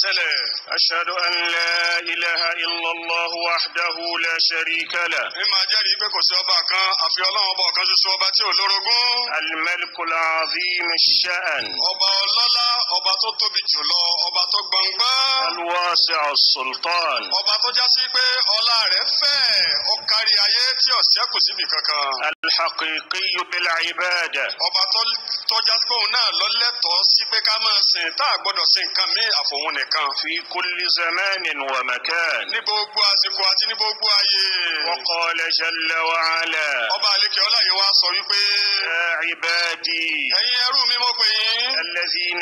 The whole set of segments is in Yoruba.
وسلم أشهد أن لا إله إلا الله وحده لا شريك له الملك العظيم الشأن الواسع السلطان ọba tó já sí pé ọlá rẹ̀ fẹ̀ ó kárí ayé tí ọ̀sẹ̀ kù síbi kankan. الحقيقي بالعبادة ọba tọ́já sí bóun náà lọ́lẹ́tọ̀ọ́ sí pé ká máa sìn tá a gbọ́dọ̀ sìn nǹkan mí àfòun nìkan. في كل زمان ومكان. ní gbogbo àsìkò àti ní gbogbo ayé. وقال جل وعلا. ọba àlekè ọlá yìí wá sọ wípé. يا عبادي. ẹ̀yin ẹrú mi mo pè yín. الذين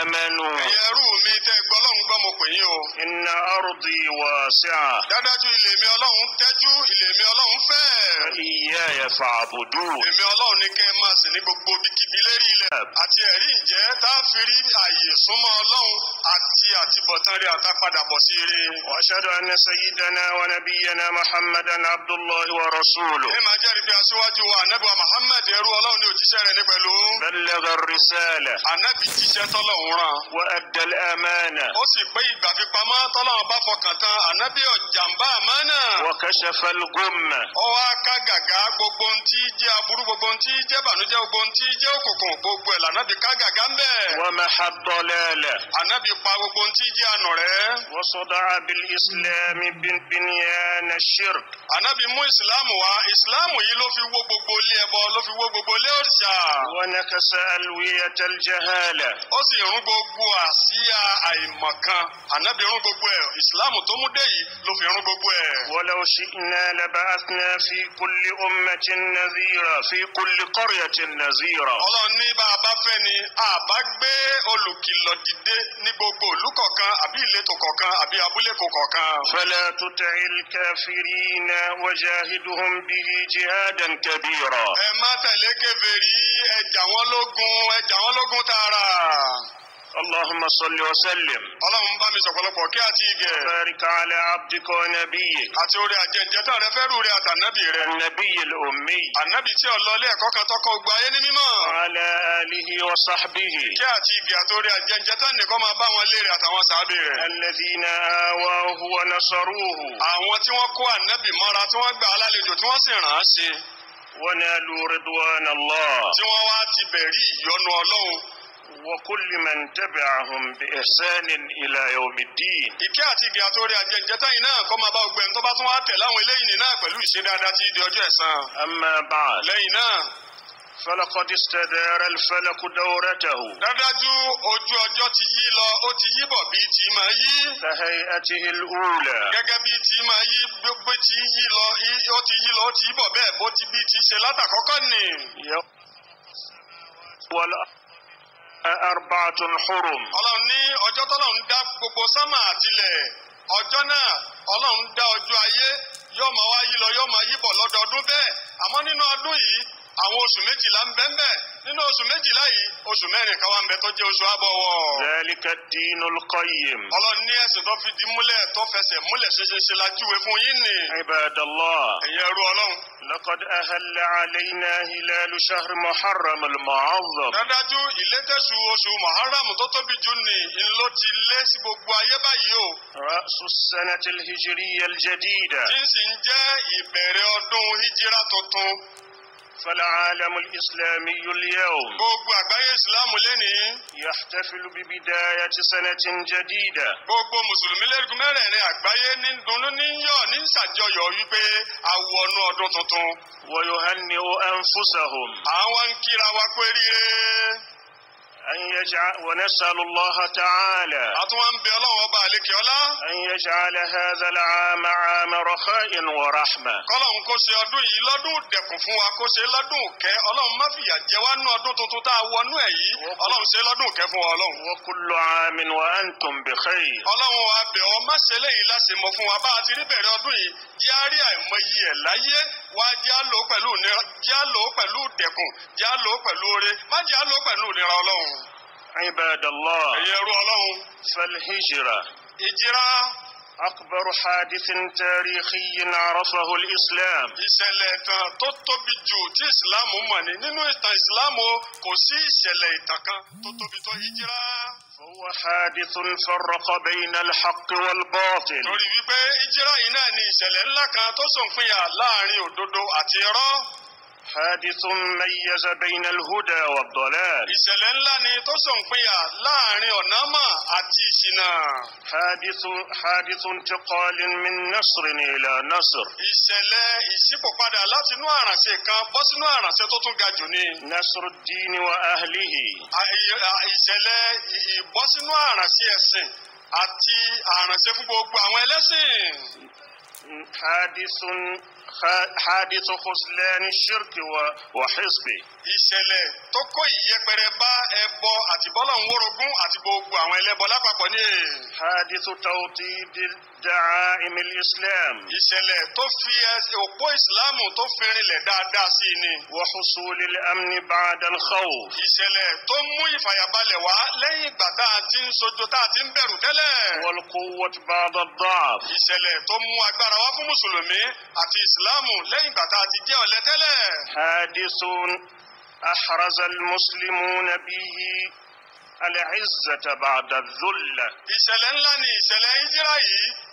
آمنوا. ẹ̀yin ẹrú mi tẹ́ gbọ́ lọ́hùn gbọ́ mo pè yín o. إن أرضي واسعة. dáadáa ju ilé mi ọlọ́run tẹ́jú ilé mi ọlọ́run fẹ́. ìyá ẹ̀ fàb àbòdù. èmi ọlọ́run ní kẹ́ ẹ máa sìn ní gbogbo ibikíbi lérí ilẹ̀ àti ẹ̀rí ǹjẹ́ tá a fi rí àyè súnmọ́ ọlọ́run àti àtibọ̀tán rẹ̀ àtàpadà bọ̀ sí eré. wa ashhadu anna sayyidana wa nabiyyana muhammadan abdullahi wa rasuluhu. ẹ máa jẹ́rìí pé aṣíwájú wa anabi wa muhammad ẹrú ọlọ́run ní òjíṣẹ́ rẹ̀ ní pẹ̀lú. balagha ar-risala. anabi jíṣẹ́ tọ́lọ́run rán. wa adda al tí í jẹ́ aburú gbogbo ohun tí í jẹ́ bànújẹ́ gbogbo ohun tí í jẹ́ òkùnkùn gbogbo ẹ̀ lànàbí ká gàgà ń bẹ̀. wọ́n mẹ́ ha dọ́lẹ́lẹ̀. ànàbí pa gbogbo ohun tí í jẹ́ ànà rẹ̀. wọ́n sọdọ̀ abil islam binbiniyana shirk. ànàbí mú ìsìlámù wá ìsìlámù yìí ló fi wó gbogbo ilé ẹbọ ló fi wó gbogbo ilé òrìṣà. wọ́n ní kẹsẹ̀ alwiyatal jahala. ó sì rún nàzírà fi kulli qaryatin nàzírà. ọlọ́run ní bá a bá fẹ́ ni a bá gbé olùkìlọ̀ dìde ní gbogbo ìlú kọ̀ọ̀kan àbí ìletò kọ̀ọ̀kan àbí abúlé kọ̀ọ̀kan. fala tuti'il kafirina wajahiduhum bihi jihadan kabira. ẹ má tẹ̀lé kèfèrí ẹ jà wọ́n lógun ẹ jà lógun tààrà. اللهم صل وسلم اللهم بامي سفلقو كاتيجي بارك على عبدك ونبيك أتوري أجن جتا رفروري أتا النبي النبي الأمي النبي تي الله لي كوكا توكو بايني مما وعلى آله وصحبه كاتيجي أتوري أجن جتا نكوما بان وليري أتا وصحبه الذين آواه ونصروه أواتي وكو النبي مرات وقبع lálejò tí wọ́n sì ràn án ṣe. wọ́n ní alùrẹ́dùwọ́n náà lọ. tí wọ́n wá ti bẹ̀rí ìyọ́nú وكل من تبعهم بإحسان إلى يوم الدين ìkẹ́ àti ìgbà tó rí ajẹ́ ǹjẹ́ táyìn náà kọ́ máa bá gbẹ̀ ń tó bá tún wá tẹ̀ láwọn eléyìí náà pẹ̀lú ìṣe dáadáa tí di ọjọ́ ẹ̀san. أما بعد lẹ́yìn náà. فلقد استدار الفلك دورته dájú ojú ọjọ́ ti yí lọ ó ti yí bọ̀ bíi ti máa yí. كهيئته الأولى gẹ́gẹ́ bíi ti máa yí gbogbo ti yí lọ ó ti yí lọ ó ti yí bọ̀ bẹ́ẹ̀ bó ti bíi ti ṣe látàkọ́kọ́ nì. wàlá arba'atun hurum. ọlọ́run ní ọjọ́ tọ́lọ́run dá gbogbo sánmà àtilẹ̀ ọjọ́ náà ọlọ́run dá ọjọ́ ayé yóò máa wá yí lọ yóò máa yí bọ̀ lọ́dọọdún bẹ́ẹ̀ àmọ́ nínú ọdún yìí àwọn oṣù méjìlá ń bẹ́ẹ̀ bẹ́ẹ̀ nínú oṣù méjìlá yìí oṣù mẹ́rin kan wà ń bẹ tó jẹ́ oṣù àbọ̀wọ̀. zalika dinul qayyim. ọlọ́run ní ẹ̀sìn tó fi di múlẹ̀ tó fẹsẹ̀ múlẹ̀ ṣeṣeṣe la júwe fún yín ni. ibadallah. ẹ̀yẹ ẹrú ọlọ́run. laqad ahalla alayna hilalu shahr muharram al-mu'azzam. dájú oṣù muharram tó tóbi jù ni ńlọ ti lé sí gbogbo ayé báyìí o. ra'su sanatil hijriya al-jadida. tí ń sì ìbẹ̀rẹ̀ ọdún hijira tuntun. فالعالم الإسلامي اليوم يحتفل ببداية سنة جديدة ويهنئ أنفسهم أن يجعل ونسأل الله تعالى أن يجعل هذا العام عام رخاء ورحمة kọ́lọ́hún kó ṣe ọdún yìí lọ́dún dẹ̀kùn fún wa kó ṣe lọ́dún kẹ́ ọlọ́run má fìyà jẹ wá nú ọdún tuntun tá a wọnú ẹ̀ yìí ọlọ́run ṣe lọ́dún kẹ́ fún wa ọlọ́run. wa kullu amin wa antum bi khair. ọlọ́run wa bẹ̀ ọ́ má ṣe léyìí láṣẹ mọ̀ fún wa bá a ti rí bẹ̀rẹ̀ ọdún yìí jẹ́ àárí àìmọye ẹ̀ láyé wá jẹ́ àlò pẹ̀lú dẹ̀kùn jẹ́ àlò pẹ̀lú oore má jẹ́ àlò pẹ̀lú ìnira ọlọ́run ibadallah. ẹ̀yẹ ẹrú ọlọ́run. falhijira. ìjìrá. أكبر حادث تاريخي عرفه الإسلام. ìṣẹ̀lẹ̀ kan tó tóbi jù tí ìsìlámù mọ̀ ní nínú ìtàn ìsìlámù kò sí ìṣẹ̀lẹ̀ ìtàn kan tó tóbi tó hijira. فهو حادث فرق بين الحق والباطل. torí wípé ìjìrá yìí náà ni ìṣẹ̀lẹ̀ ńlá kan tó ṣòpinya láàrin òdodo àti irọ́. حادث ميز بين الهدى والضلال ìṣẹ̀lẹ̀ ńlá ni tó ṣòǹpìyà láàrin ọ̀nàmọ̀ àti ìṣìnà. حادث حادث انتقال من نصر إلى نصر. ìṣẹ̀lẹ̀ ìṣípòpadà láti inú àrànṣe kan bọ́ sínú àrànṣe tó tún ga jù ni. نصر الدين وأهله. ìṣẹ̀lẹ̀ ìbọ́ sínú àrànṣe ẹ̀sìn àti àrànṣe fún gbogbo àwọn ẹlẹ́sìn. حادث حادث خذلان الشرك وحزبه ìṣẹ̀lẹ̀ tó kó ìyẹpẹrẹ bá ẹbọ àti bọ́lọ̀hún wórogún àti gbogbo àwọn ẹlẹ́bọ lápapọ̀ ní èè. hadithu tawhid da'im al-islam. ìṣẹ̀lẹ̀ tó fi òpó ìsìláàmù tó fi rinlẹ̀ dáadáa sí i ni. wa husul al-amn ba'da al-khawf. ìṣẹ̀lẹ̀ tó mú ìfàyàbalẹ̀ wá lẹ́yìn ìgbà tá a ti ń sojo tá a ti ń bẹ̀rù tẹ́lẹ̀. wal quwwat ba'da أحرز المسلمون به العزة بعد الذل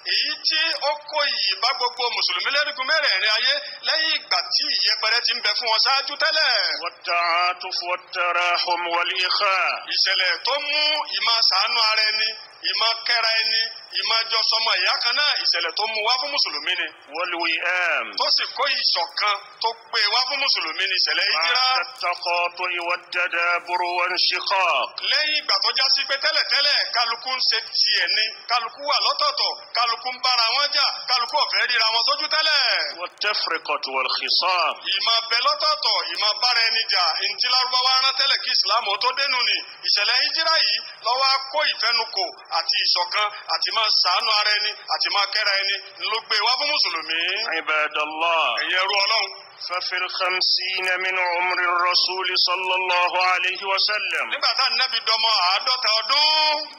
èyí tí ó kó iyì bá gbogbo mùsùlùmí lẹ́rìgún mẹ́rẹ̀ẹ̀rin ayé lẹ́yìn ìgbà tí ìyẹpẹrẹ ti ń bẹ fún wọn ṣáájú tẹ́lẹ̀. wọ́tà tó fọ́ tẹ̀rẹ̀ ọmọwálé ẹ̀. ìṣẹ̀lẹ̀ tó mú ìmọ̀ ṣàánú ara ẹni ìmọ̀ kẹ́ra ẹni ìmọ̀ jọ sọmọ ìyá kan náà ìṣẹ̀lẹ̀ tó mú wá fún mùsùlùmí ni. wọ́lú ẹ̀m. tó sì kó ìṣọ̀kan tó gbé wá fún mùsùlùmí ni ìṣẹ̀lẹ̀ ìdíra. máa tẹ̀tọ̀kọ tó ìwọ dẹ́dẹ́ burú wọn ṣe kọ́. lẹ́yìn ìgbà tó já pé tẹ́lẹ̀tẹ́lẹ̀ kálukú ń ṣe tiẹ̀ ni kálukú wà lọ́tọ̀ọ̀tọ̀ kálukú kálukú ń bára wọn jà kálukú ọ̀fẹ́ ríra wọn sójú tẹ́lẹ̀. wọ́n tẹ́ fẹ́kọ̀tù wọ̀l kìsàn. ìmọ̀ bẹ lọ́tọ̀ọ̀tọ̀ ìmọ̀ bára ẹni jà ntí lárúbáwá rán tẹ́lẹ̀ kí ìsìlámù tó dénú ni ìṣẹ̀lẹ̀ ìjírá yìí lọ́wọ́ kó ìfẹ́nukò àti ìṣọ̀kan àti máa sàánú ara ẹni àti máa kẹ́ra ẹni ló gbé fún mùsùlùmí. ibadallah. ẹ̀yẹ ru ọlọ́run. ففي الخمسين من عمر الرسول صلى الله عليه وسلم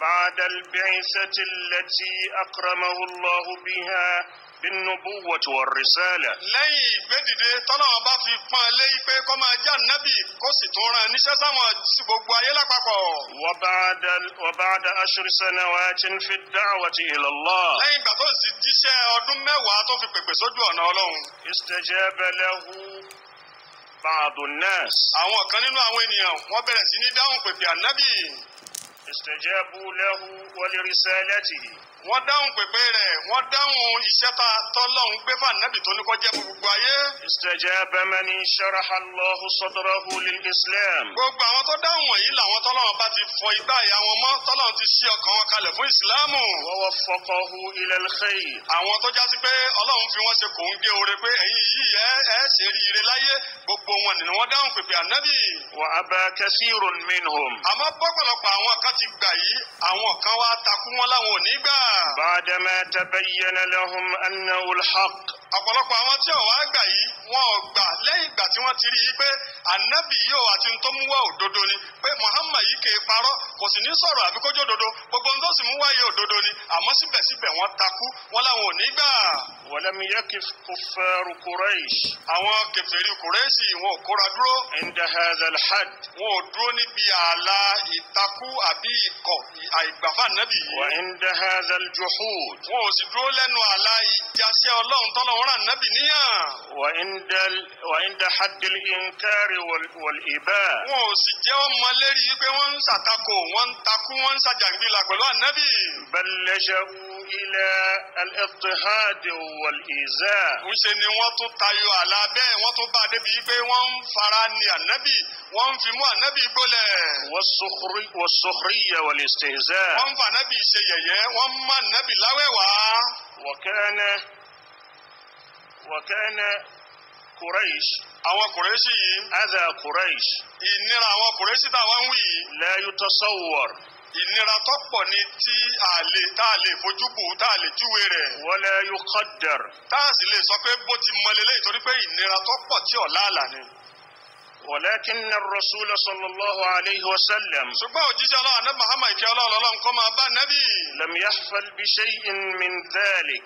بعد البعثة التي أكرمه الله بها binnubuwwati war risala. lẹ́yìn ìgbẹ́dìde tọ́lọ́wọ́ bá fi pọ́n lé pé kó máa já nábì kó sì tún rán níṣẹ́ sáwọn sí gbogbo ayé lápapọ̀. wa ba'da wa ba'da ashri sanawatin fi da'wati ila Allah. lẹ́yìn ìgbà tó ń sì jíṣẹ́ ọdún mẹ́wàá tó fi pèpè sójú ọ̀nà ọlọ́run. istajaba lahu ba'du an-nas. àwọn kan nínú àwọn ènìyàn wọ́n bẹ̀rẹ̀ wọ́n dáhùn pèpè rẹ̀ wọ́n dáhùn iṣẹ́ tá a tọ́ lọ́hùn gbé fún ànábì tó ní kó jẹ́ gbogbo ayé. istajaba man sharaha Allahu sadrahu lil Islam. gbogbo àwọn tó dáhùn wọ̀nyí làwọn tọ́lọ́run bá ti fọ igbá ìyá wọn mọ́ tọ́lọ́run ti ṣí ọkàn wọn kalẹ̀ fún ìsìláàmù. wa waffaqahu ilal khair. àwọn tó jásí pé ọlọ́run fi wọ́n ṣe kò ń ore pé ẹ̀yin yìí ẹ ẹ ṣe rí ire láyé wa aba minhum. àmọ́ bọ́pọ̀lọpọ̀ àwọn kan ti gbà yìí àwọn kan بعدما تبين لهم أنه الحق ọ̀pọ̀lọpọ̀ àwọn tí ò wá gbà yìí wọn ò gbà lẹ́yìn ìgbà tí wọ́n ti rí i pé ànábì yìí ò àti tó mú wá òdodo ni pé Muhammad yìí kè é parọ́ kò sì ní sọ̀rọ̀ àbí kójó òdodo gbogbo ń tó sì mú wá yìí òdodo ni àmọ́ síbẹ̀síbẹ̀ wọ́n takú wọn làwọn ò ní gbà. walam yakif kuffaru Quraysh. àwọn kèfèrí Quraysh wọn ò kóra dúró. inda wọn ò dúró níbi ààlà ìtakú àbí ikọ̀ àìgbàfà nábì yìí. wa وراء النبي نيا وعند ال... وعند حد الانكار وال... والاباء وسجا مالري يبي وان ساتاكو وان تاكو وان ساجانبي لا بل النبي بلشوا الى الاضطهاد والايذاء وسني وان تو تايو على به وان تو بادي بي بي وان فراني النبي وان في مو النبي بولا والسخري والسخريه والاستهزاء وان فنبي سيي وان ما النبي لاوي وكان وكان قريش أو kùrẹ́sì yìí. قريش quraish. ìnira قريش kùrẹ́sì لا يتصور wá ń wí yìí. la yutasawwar. ìnira tó pọ̀ ni tí a lè tá a lè fojú bù tá a lè júwe rẹ̀. wala yuqaddar. tá a sì lè sọ pé bó ti mọ lélẹ́yìn torí pé ìnira tó tí ọ̀ láàlà ولكن الرسول صلى الله عليه وسلم لم يحفل بشيء من ذلك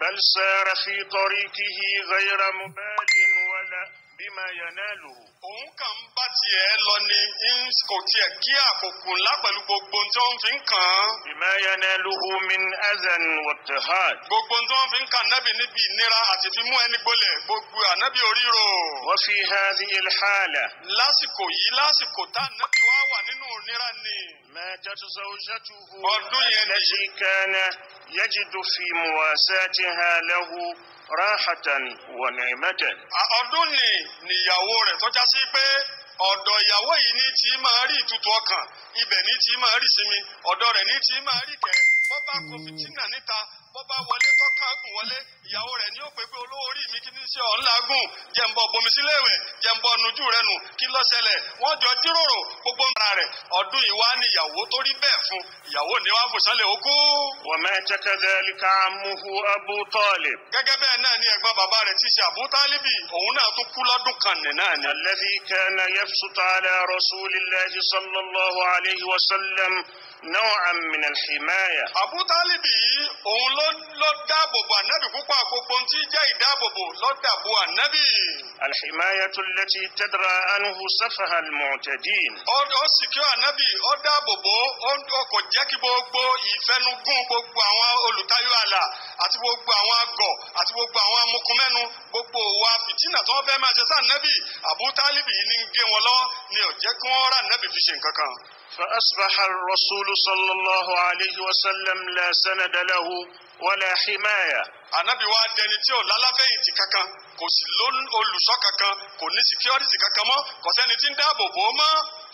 بل سار في طريقه غير مبالي bímọ yẹnẹ lò. òun kàn ń bá tiẹ̀ lọ ni kò tiẹ̀ kí àkókò ńlá pẹ̀lú gbogbo tí wọ́n fi ń kàn án. bímọ yẹnẹ lò min ẹzẹn wọtẹ hàn. gbogbo tí wọ́n fi ń kàn nábì níbi ìnira àti fi mú ẹni gbolẹ̀ gbogbo ànábì oríro. wọ́n fi hàn ilhaala. lásìkò yìí lásìkò tá ànábì wá wà nínú ìnira ni. mẹ́jọ tó sọ oṣù ọdún yẹn ni ráhàtàn wa ni'matan. ọdún ni níyàwó rẹ̀ tọ́já sí pé ọ̀dọ̀ ìyàwó yìí ní tí máa rí ìtutù ọkàn ibẹ̀ ní tí máa rí sinmi ọ̀dọ̀ rẹ̀ ní tí máa rí kẹ́ bọ́bá kò fìtínà níta bọ́ bá wọlé tó kágùn wọlé ìyàwó rẹ̀ ní òpè pé olówó orí mi kí ní ṣe ọ̀hún làágùn jẹ̀ǹbọ̀ bomisíléèwẹ̀ jẹ̀ǹbọ̀ nujú rẹ̀ nù kí ló ṣẹlẹ̀ wọ́n jọ jíròrò gbogbo ara rẹ̀ ọdún ìwá ni ìyàwó tó rí bẹ́ẹ̀ fún ìyàwó ni wọ́n fò sálẹ̀ okú. wọ́n tẹ́kẹ́dẹ́ líka muhu Abu Talib. gẹ́gẹ́ bẹ́ẹ̀ náà ni ẹ̀gbọ́n ló dáàbòbò ànábì púpọ̀ gbogbo ohun tí jẹ́ ìdáàbòbò ló dàbò ànábì. alhimayatu lati tadra anhu safaha almu'tadin. ó sì kí ànábì ó dáàbòbò ó kò jẹ́ kí gbogbo ìfẹnugún gbogbo àwọn olùtayọ àlà àti gbogbo àwọn agọ̀ àti gbogbo àwọn amukumẹ́nu gbogbo wa fìtínà tó ń fẹ́ máa ṣe sáà nábì Abu yìí ní ń gé wọn lọ́wọ́ ni ò jẹ́ kí wọ́n فأصبح الرسول صلى الله عليه وسلم لا سند له wala himaya. ànábì wa dẹni tí ò lálàfẹ̀yìntì kankan kò sí olùṣọ́ kankan kò ní security kankan mọ́ kò sẹ́ni tí ń dáàbò bò ó mọ́.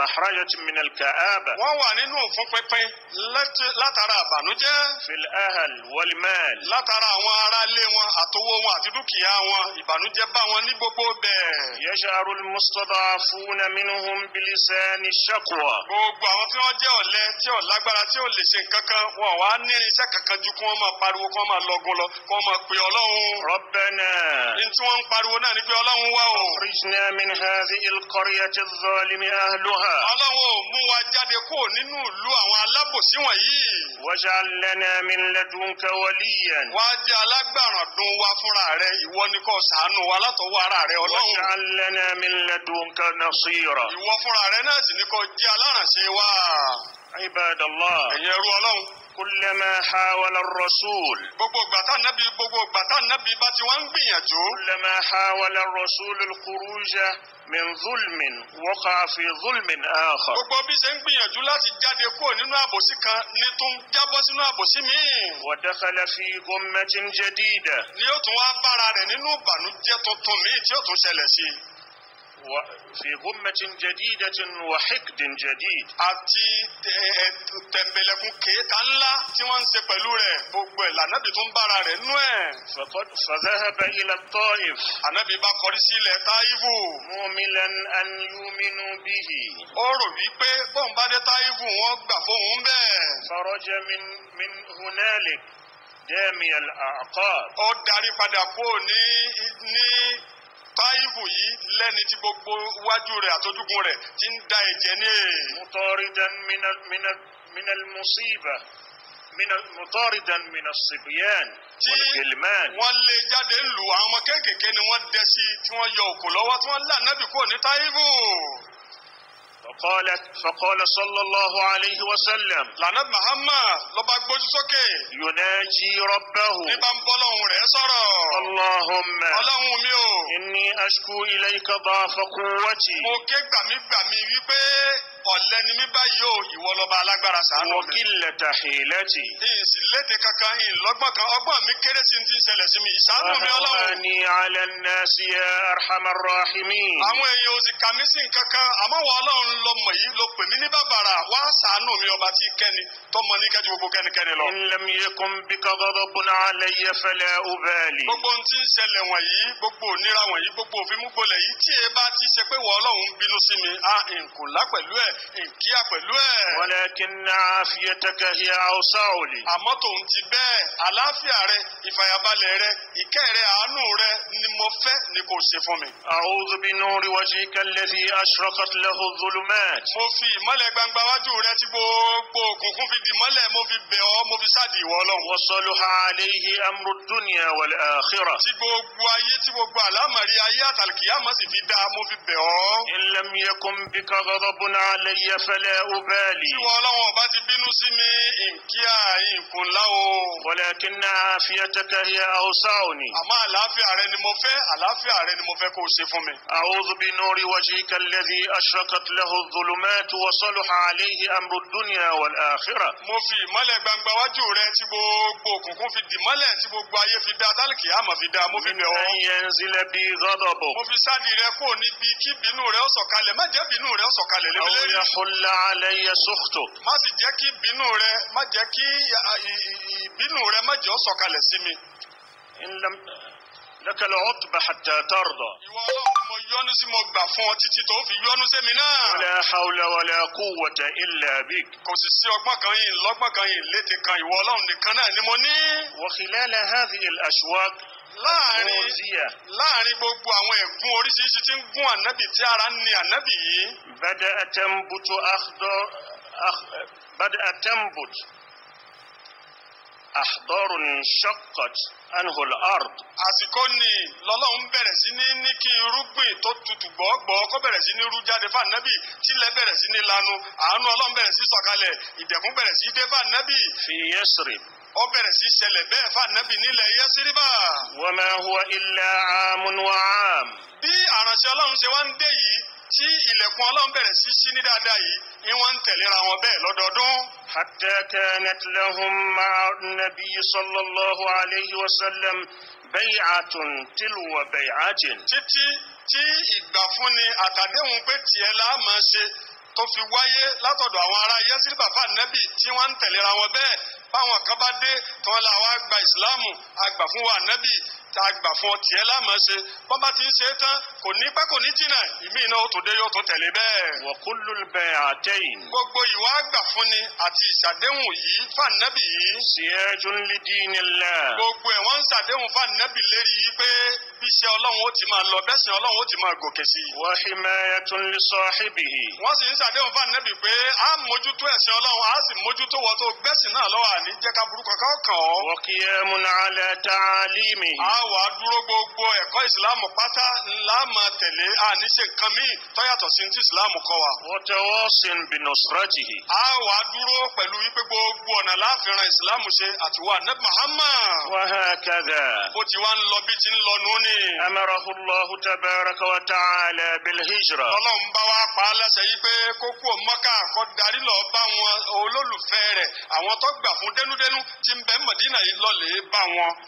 mahrajatin min al-ka'aba. wọ́n wà nínú òfin pínpín látara àbànújẹ́. fil ahal wal mal. látara àwọn aráalé wọn àtowó wọn àti dúkìá wọn ìbànújẹ́ bá wọn ní gbogbo bẹ́ẹ̀. yasharu al-mustadafuna minhum bilisani shakwa. gbogbo àwọn tí wọ́n jẹ́ ọ̀lẹ tí ò lágbára tí ò lè ṣe nǹkan kan wọn wà ní irinṣẹ́ kankan ju kí wọ́n máa pariwo kí wọ́n máa lọ́gun lọ kí wọ́n máa pe ọlọ́run. rabbana. ní tí wọ́n ń pariwo náà ni pé ọlọ́run wá o. akhrijna min hadhihi al ọlọ́run ò mú wa jáde kó nínú ìlú àwọn alábòsí wọ̀nyí. waj'al lana min ladunka waliyan. wá jẹ́ alágbàrandùn wa fúnra rẹ ìwọ ni kò ṣàánú wa látọwọ́ ara rẹ ọlọ́run. waj'al lana min ladunka ìwọ fúnra rẹ náà sì ni kò jẹ́ alárànṣe wa. ibadallah. ẹ̀yin ẹrú ọlọ́run kullama hawala rasul. gbogbo gbàtà nàbí gbogbo gbàtà nàbí bá ti wọ́n ń gbìyànjú. kullama hawala rasul kuruja min zulmin waqa fi zulmin akhar. gbogbo bí ṣe ń gbìyànjú láti jáde kúrò nínú àbòsí kan ni tó ń jábọ́ sínú àbòsí míì. wa dakhala fi gummatin jadida. ni ó tún wá bára rẹ̀ nínú ìbànújẹ́ tuntun míì tí ó tún ṣẹlẹ̀ sí i. في غمة جديدة وحقد جديد àti tẹ̀m̀bẹ̀lẹ̀kun kéka ńlá tí wọ́n ń ṣe pẹ̀lú rẹ̀ gbogbo ẹ̀ lànàbì tó ń bára rẹ̀ nú ẹ̀. فذهب إلى الطائف. ànàbì bá kọrí sí ilẹ̀ táìfù. مؤملا أن يؤمنوا به. ó rò wípé bóun bá dé táìfù wọ́n gbà fóun bẹ́ẹ̀. فرج من من هنالك دامي الأعقاب. ó darí padà kúrò ní ní táyìbù yìí lẹ́ni tí gbogbo iwájú rẹ̀ àtọ́júgun rẹ̀ ti ń da ẹ̀jẹ̀ ní èè. mutaridan minal minal minal musiba mutaridan minal sibyan wal gilman. tí wọ́n lé jáde ń lu àwọn ọmọ kéékèèké ni wọ́n dẹ́ sí tí wọ́n yọ òkú lọ́wọ́ tí wọ́n là nábì kúrò ní táyìbù. قالت فقال صلى الله عليه وسلم لنا محمد لبا gbójú sókè. يناجي ربه. nígbà ń bọ́ lọ́hùn اللهم. ọlọ́hun mi o. ضعف قوتي. mo ké gbàmígbàmí wípé ọ̀lẹ́ni mi báyìí o ìwọ lọ́ba alágbára sànú mi. kílẹ̀ tà hìlẹ́tì. ìsì léde kankan ìlọ́gbọ̀n kan ọgbọ́n mi kéré sí ti ń ṣẹlẹ̀ sí mi ìsànú mi ọlọ́run. ní alẹ́ náà sí ẹ arhamar rahimin. àwọn èèyàn òsì kà kankan àmọ́ wọ́n ọlọ́run lọ mọ̀ yìí ló pè mí ní bàbàrà wá sànú mi ọba tí kẹ́ni tó mọ ní kẹ́jú gbogbo kẹ́nikẹ́ni lọ. ilẹ̀m nkíyà pẹ̀lú ẹ̀. walakinna afiyataka hiya awsa'u li. àmọ́ tòun ti bẹ́ẹ̀ àlàáfíà rẹ ìfàyàbalẹ̀ rẹ ìkẹ́ rẹ àánú rẹ ni mo fẹ́ ni kò ṣe fún mi. a'udhu bi nuri wajhika alladhi ashraqat lahu dhulumat. mo fi ìmọ́lẹ̀ gbangba wájú rẹ tí gbogbo òkùnkùn fi dì mọ́lẹ̀ mo fi bẹ̀ ọ́ mo fi sáàdì ìwọ ọlọ́run. wasaluha alayhi amru dunya wal akhirah. tí gbogbo ayé tí gbogbo àlámọ̀rí ayé àtàlùkìyàmọ̀ sì fi dáa mo fi bẹ̀ ọ́. in lam yakun bika ghadabun ala alayya fala ubali. tí wọ́n ọlọ́wọ́ bá ti bínú sí mi nkíá ìkúnlá o. walakinna afiyataka hiya awsa'uni. àmọ́ àlàáfíà rẹ ni mo fẹ́ àlàáfíà rẹ ni mo fẹ́ kó o ṣe fún mi. a'udhu bi nuri wajhika alladhi ashraqat lahu dhulumatu wa salaha alayhi amru dunya wal akhirah. mo fi ìmọ́lẹ̀ gbangba wájú rẹ tí gbogbo òkùnkùn fi dì mọ́lẹ̀ tí gbogbo ayé fi da tálíkì àmọ́ fi da mo fi bẹ̀ ọ́. mi ń yẹn zilẹ̀ bíi gọ́dọ̀ bò. mo fi sáàdì rẹ kó o níbi kí bínú rẹ ó sọ̀kalẹ̀ má jẹ́ bínú rẹ ó sọ̀kalẹ̀ lé يحل علي سخطك ما sì jẹ́ kí ما rẹ má jẹ́ ما جو rẹ má إن لم لك العتبة حتى ترضى ولا حول ولا قوة إلا بك وخلال هذه الأشواق láàrin láàrin gbogbo àwọn ẹ̀gún oríṣiríṣi tí ń gún ànábì tí ara ń ni ànábì yìí. bẹ́ẹ̀ atẹ́mbutu àdọ́ bẹ́ẹ̀ atẹ́mbut àdọ́rù ní ṣọ́kọ̀t anhol ard. àsìkò ni lọ́lọ́run bẹ̀rẹ̀ sí ní ní kí irúgbìn tó tutù gbọ́gbọ́ kó bẹ̀rẹ̀ sí ní rú jáde fànẹ́bì tílẹ̀ bẹ̀rẹ̀ sí ní lanu àánú ọlọ́run bẹ̀rẹ̀ sí sọ̀kalẹ̀ ìdẹ̀kùn bẹ̀rẹ̀ sí dé fànẹ́bì. fi yẹ́sìrì ó bẹ̀rẹ̀ sí ṣẹlẹ̀ bẹ́ẹ̀ fà nẹ́bì nílẹ̀ yẹ́síríbà. wa ma huwa illa amun wa am. bí àránṣẹ́ ọlọ́run ṣe wá ń dé yìí tí ilẹ̀kùn ọlọ́run bẹ̀rẹ̀ sí sí ní dáadáa yìí ni wọ́n ń tẹ̀léra wọn bẹ́ẹ̀ lọ́dọọdún. hatta kanat lahum ma'a nabiy sallallahu alayhi wa sallam bay'atun tilwa bay'atin. títí tí ìgbàfúnni àtàdéhùn pé tiẹ̀ la máa ṣe tó fi wáyé látọ̀dọ̀ àwọn ará yẹ́sírí bàbá nẹ́bì tí wọ́n ń tẹ̀léra wọn bẹ́ẹ̀ báwọn kan bá dé tí wọ́n là wá gba ìsìláàmù àgbà fún wa nábì tá a gbà fún ọ tiẹ̀ lámọ̀ ṣe bọ́n bá ti ń ṣe é tán kò ní pẹ́ kò ní jìnnà ìmí iná ó tún dé yóò tún tẹ̀lé bẹ́ẹ̀. wa kullul bai'atayn. gbogbo ìwà àgbà fúnni àti ìṣàdéhùn yìí fànẹ́bì yìí. siyajun li dinillah. gbogbo ẹ̀ wọ́n ń ṣàdéhùn fànẹ́bì lérí yìí pé bíṣẹ́ ọlọ́run ó ti máa lọ bẹ́sìn ọlọ́run ó ti máa gòkè sí wọ́n sì ń ṣàdéhùn fànẹ́bì pé a àní jẹ́ ká burúkọ kan kàn ọ́. wa qiyamun ala ta'alimihi. a wà á dúró gbogbo ẹ̀kọ́ ìsìláàmù pátá ńlá máa tẹ̀lé àní ṣe nǹkan míì tọ́yàtọ̀ sí ti ìsìláàmù kọ́ wa. wa tawasin bi nusratihi. a wà á dúró pẹ̀lú wípé gbogbo ọ̀nà láàfin ìsìláàmù ṣe àtiwá ní Muhammad. wa hakadha. bó ti wá ń lọ bí ti ń lọ nù ni. amarahu dẹnudẹnu tí ń bẹ Mẹdínà yìí lọ́lẹ̀ bá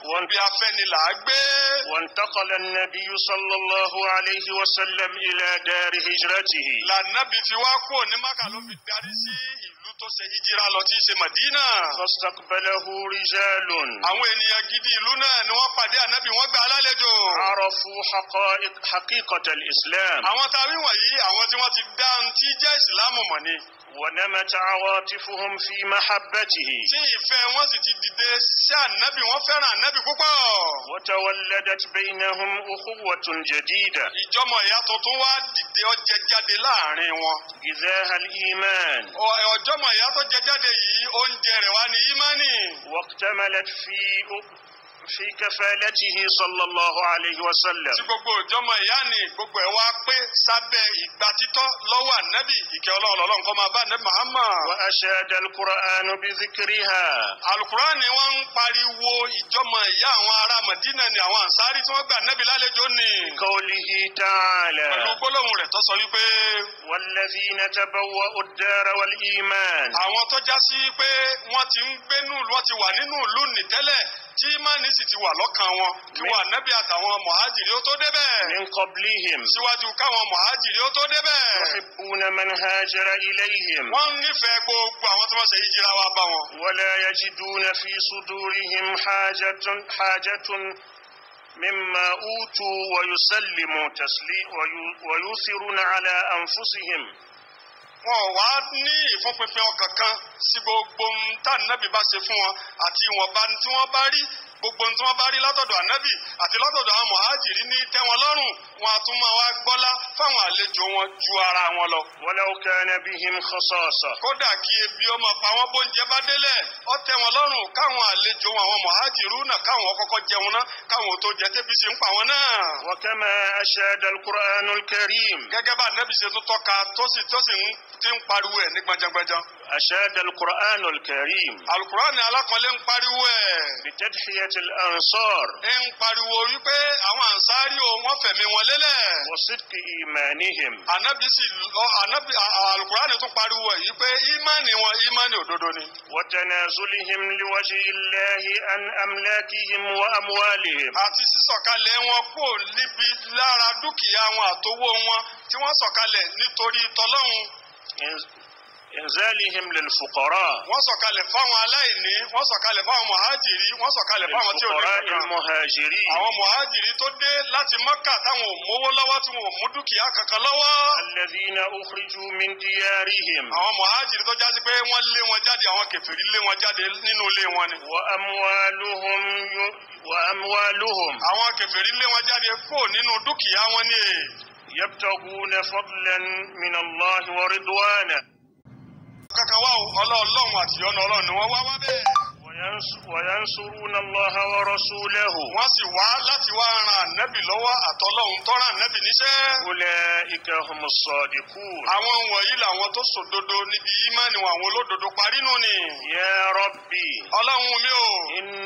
wọn bí afẹ́ni là á gbé. وانتقل النبي صلى الله عليه وسلم إلى دار هجرته. lànàbí fi wá kó ní Mákà ló fi darí sí ìlú tó ṣe hijira lọ tí í ṣe Mẹdínà. فاستقبله رجال. àwọn ènìyàn gidi ìlú náà ni wọ́n pàdé ànábì wọ́n gbà alálejò. عرفوا حقائق حقيقة الإسلام. àwọn tàbí wọ̀nyí àwọn tí wọ́n ti dá ohun tí jẹ́ ìsìlámù mọ̀ ni. ونمت عواطفهم في محبته وتولدت بينهم أخوة جديدة غذاها الإيمان واكتملت في fi kafalatihi sallallahu alayhi wa sallam. tí gbogbo ìjọmọ ìyá ni gbogbo ẹ̀ wá pé sábẹ́ ìgbà títọ́ lọ́wọ́ ànábì ìkẹ́ ọlọ́run lọ́lọ́run kọ́ máa bá ànábì Muhammad. wa ashada al-Qur'anu bi zikriha. alukur'an ni wọ́n ń pariwo ìjọmọ ìyá àwọn ará Madina ni àwọn ansari tí wọ́n gba ànábì lálejò ni. qawlihi ta'ala. pẹ̀lú gbólóhùn rẹ̀ tó sọ wípé. wallazina tabawwa'u ad-dara wal-iman. àwọn tí ìmánì sì ti wà lọ́kàn wọn kí wọn ànábì àtàwọn mọ̀hájìrì ó tó débẹ̀. min qablihim. síwájú káwọn mọ̀hájìrì ó tó débẹ̀. yuhibbuna man hajara ilayhim. wọ́n nífẹ̀ẹ́ gbogbo àwọn tí wọ́n ṣe hijira wá bá wọn. wala yajiduna fi sudurihim hajatun hajatun مما أوتوا ويسلموا تسليما ويؤثرون على أنفسهم wọn ò wá ní ìfúnpinpin ọkàn kan sí gbogbo ohun tá ànábì bá ṣe fún wọn àti ìwọ̀nba tí wọ́n bá rí gbogbo tí wọ́n bá rí látọ̀dọ̀ ànábì àti látọ̀dọ̀ àwọn mọ̀hájìrì ní tẹ́ wọn lọ́rùn wọn a tún máa wá gbọ́lá fáwọn àlejò wọn ju ara wọn lọ. walau kana bihim khasasa. kódà kí ebi ọmọ pa wọn bóúnjẹ bá délẹ̀ ó tẹ́ wọn lọ́rùn káwọn àlejò wọn àwọn mọ̀hájìrì náà káwọn kọ́kọ́ jẹun náà káwọn tó jẹ tẹ́bí sì ń pa wọn náà. wa kama ashada al-Qur'anul karim. gẹ́gẹ́ bá ànábì ṣe tó tọ́ka tó sì tó sì ń ti ń pariwo ẹ̀ ní gbajàgbajà. أشاد القرآن الكريم القرآن على قول باريوه بتدحية الأنصار إن باريوه يبقى أو أنصاري وفمي ولله وصدق إيمانهم أنا بس أنا ب... القرآن تباريوه يبقى إيماني وإيماني ودودوني وتنازلهم لوجه الله أن أملاكهم وأموالهم àti sísọ̀kalẹ̀ وقول kò níbi lára dúkìá wọn àtowó wọn tí wọ́n nítorí tọlọ́hun inzalihim lil fuqara. wọ́n sọ̀kalẹ̀ fáwọn aláìní wọ́n sọ̀kalẹ̀ fáwọn muhajiri wọ́n sọ̀kalẹ̀ fáwọn tí ò ní kankan. muhajiri. àwọn muhajiri tó dé láti maka táwọn ò mówó lọ́wọ́ tí wọn ò mú dúkìá kankan lọ́wọ́. alladhina ukhriju min diyarihim. àwọn muhajiri tó jásí pé wọ́n lé wọn jáde àwọn kèfèrí lé wọn jáde nínú ilé wọn ni. wa amwaluhum wa amwaluhum. àwọn kèfèrí lé wọn jáde kó nínú dúkìá wọn ni. yabtaguna fadlan min Allah wa ridwana kankan wá ọlọ́ọ̀lọ́hún àti ọ̀nà ọlọ́run ni wá wá bẹ́ẹ̀. وينصرون الله ورسوله وسوى لتوانا النبي لوا أتولون ترى النبي نساء أولئك هم الصادقون àwọn wọ̀nyí làwọn tó sòdodo níbi ìmánì wọn àwọn olódodo parí nù ni. يا ربي ọlọ́run mi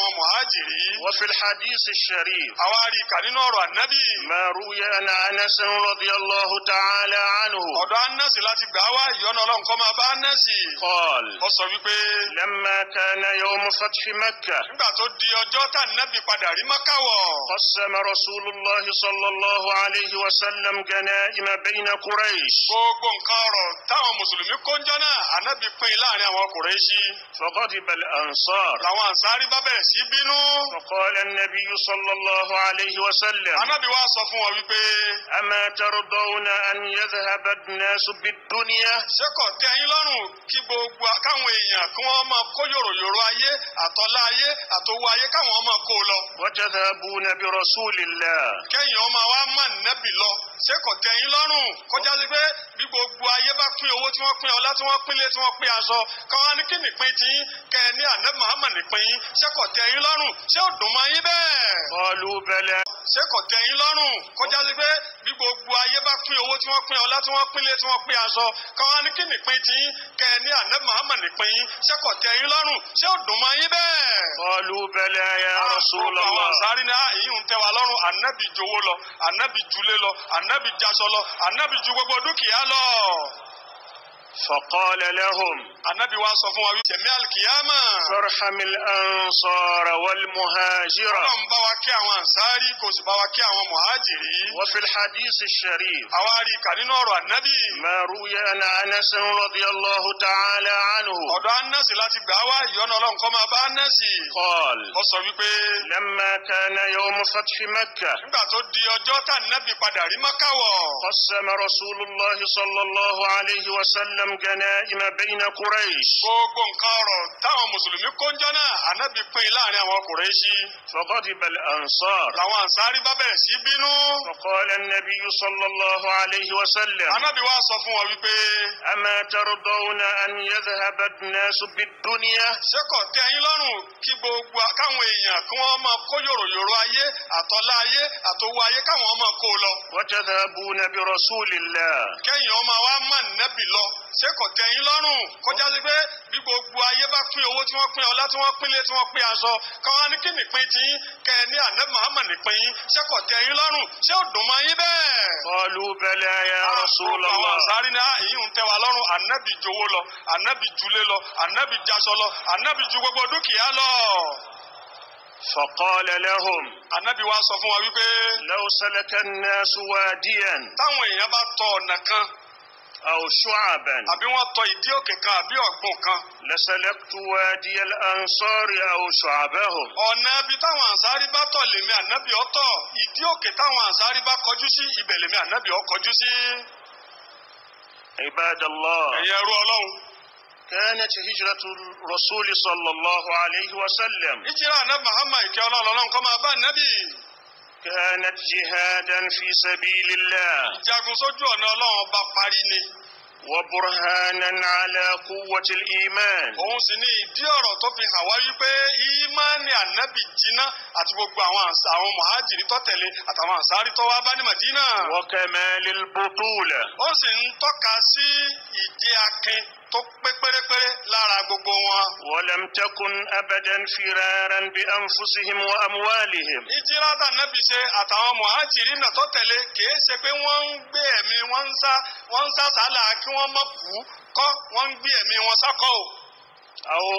àwọn muhajiri. wa fil hadisi sharif. àwa rí kà nínú ọ̀rọ̀ ànábì. mẹ́rù yẹn na anẹ́sẹ̀ ń rọ́bì ọlọ́hu ta'ala anhu. ọ̀dọ̀ anẹ́sì láti gbà wá ìyọ́nà ọlọ́run kọ́ máa bá anẹ́sì. kọ́l. ó sọ wípé. lamma kana yawm fathi makka. nígbà tó di ọjọ́ tá nábì padà rí maka wọ̀. qasama rasulullahi sallallahu alayhi wa sallam ganaima bayna quraish. gbogbo nǹkan ọ̀rọ̀ táwọn mùsùlùmí kó ń jọ náà anábì pín láàrin àwọn quraishi. faqadiba al-ansar. làwọn ansari bá bẹ̀rẹ̀ sí bínú. Ọ̀kọ́lẹ̀ nàbí sallallahu alayhi wa sallam. Anábì wa sọ fún wa wípé. Ama tardawna an yadhhaba an-nasu bid-dunya. Ṣé kò tẹ́ ẹ̀yin lọ́rùn kí gbogbo káwọn èèyàn kí wọ́n máa kó yòròyòrò ayé àtọ́lá ayé àtòwò ayé káwọn máa kó lọ. Wa tadhhabuna bi rasulillah. Kẹ́yìn ọmọ wa máa nẹ́bì lọ ṣé kò tẹ́ yín lọ́rùn kọjá sí pé bí gbogbo ayé bá pín owó tí wọ́n pín ọlá tí wọ́n pín lé tí wọ́n pín aṣọ káwọn ní kí nìpín tí kẹ́ ẹ ní àná Muhammad nìpín ṣé kò tẹ́ tẹ́ yín lọ́rùn ṣé ó dùn mọ́ yín bẹ́ẹ̀. bọ́ọ̀lù bẹ̀lẹ̀. ṣé kò tẹ́ yín lọ́rùn kó jásí pé bí gbogbo ayé bá pín owó tí wọ́n pín ọlá tí wọ́n pín lé tí wọ́n pín aṣọ káwọn ní kí nìpín tí yín kẹ ní àná Muhammad nìpín yín ṣé kò tẹ́ yín lọ́rùn ṣé ó dùn mọ́ yín bẹ́ẹ̀. bọ́ọ̀lù bẹ̀lẹ̀ ya Rasulullah. àwọn àṣàrí ah, ni فقال لهم النبي واصف جميع القيامة فارحم الأنصار والمهاجرة وفي الحديث الشريف ما روي عن أنس رضي الله تعالى عنه قال لما كان يوم فتح مكة قسم رسول الله صلى الله عليه وسلم وسلم غنائم بين قريش gbogbo nǹkan ọ̀rọ̀ táwọn mùsùlùmí kó ń jọ́nà ànábì pín in láàrin àwọn kùrẹ́ṣì. فغضب الأنصار làwọn ànsárì bá bẹ̀rẹ̀ sí bínú. فقال النبي صلى الله عليه وسلم ànábì wá sọ fún wọn wípé. أما ترضون أن يذهب الناس بالدنيا. ṣé kò tẹ́ yín lọ́rùn kí gbogbo káwọn èèyàn kí wọ́n máa kó yòròyòrò ayé àtọ́lá ayé àtòwò ayé káwọn máa kó lọ. وتذهبون برسول الله. kẹ́yìn ọmọ wa máa nẹ́bì lọ ṣé kò tẹ̀yìn lọ́rùn kọjá sí pé bí gbogbo ayé bá pín owó tí wọ́n pín ọlá tí wọ́n pín lé tí wọ́n pín aṣọ káwọn ní kí nìpín tí kẹ ní àná Muhammad nìpín yín ṣé kò tẹ̀yìn lọ́rùn ṣé ò dùn mọ́ yín bẹ́ẹ̀. bọ́ọ̀lù bẹ́lẹ̀ ya ah, Rasulullah. àwọn sáré ní ìyún ah, tẹ wa lọ́rùn ànábì jowó lọ ànábì julé lọ ànábì jaṣọ lọ ànábì ju gbogbo dúkìá lọ. فقال لهم wa sọ fún wa wípé. لو سلك الناس táwọn èèyàn bá tọ ọ̀nà kan أو شعبا أبي وطي ديوك كابي وكبوكا لسلكت وادي الأنصار أو شعبهم ọ̀nàbí táwọn ànsárì bá tọ̀ lèmi ànábì ọ̀tọ̀ ìdí òkè táwọn ànsárì bá kọjú sí ibẹ̀ lèmi ànábì ọ̀kọjú sí. Ibadallah. ẹ̀yẹ كانت هجرة الرسول صلى الله عليه وسلم. هجرة محمد كي الله لهم كما بان نبي. كانت جهادا في سبيل الله وبرهانا على قوة الإيمان òun sì ni ìdí ọ̀rọ̀ tó fi hàn wá wípé ìmánì ànábì jiná àti gbogbo àwọn àwọn mọ̀hájìrì tó tẹ̀lé àtàwọn ànsárì tó wá bá ní Madina. وكمال البطولة. ó sì ń tọ́ka sí ìdí akin tó pé pérépéré lára gbogbo wọn. walam takun abadan firaran bi anfusihim wa amwalihim. ìjírá tá ṣe àtàwọn mọ̀hájìrì náà tẹ̀lé kìí ṣe pé wọ́n ń gbé ẹ̀mí wọ́n ń sá wọ́n ń sá sálà kí wọ́n má kú kọ́ wọ́n ń gbé ẹ̀mí wọn sákọ̀ o. àwọn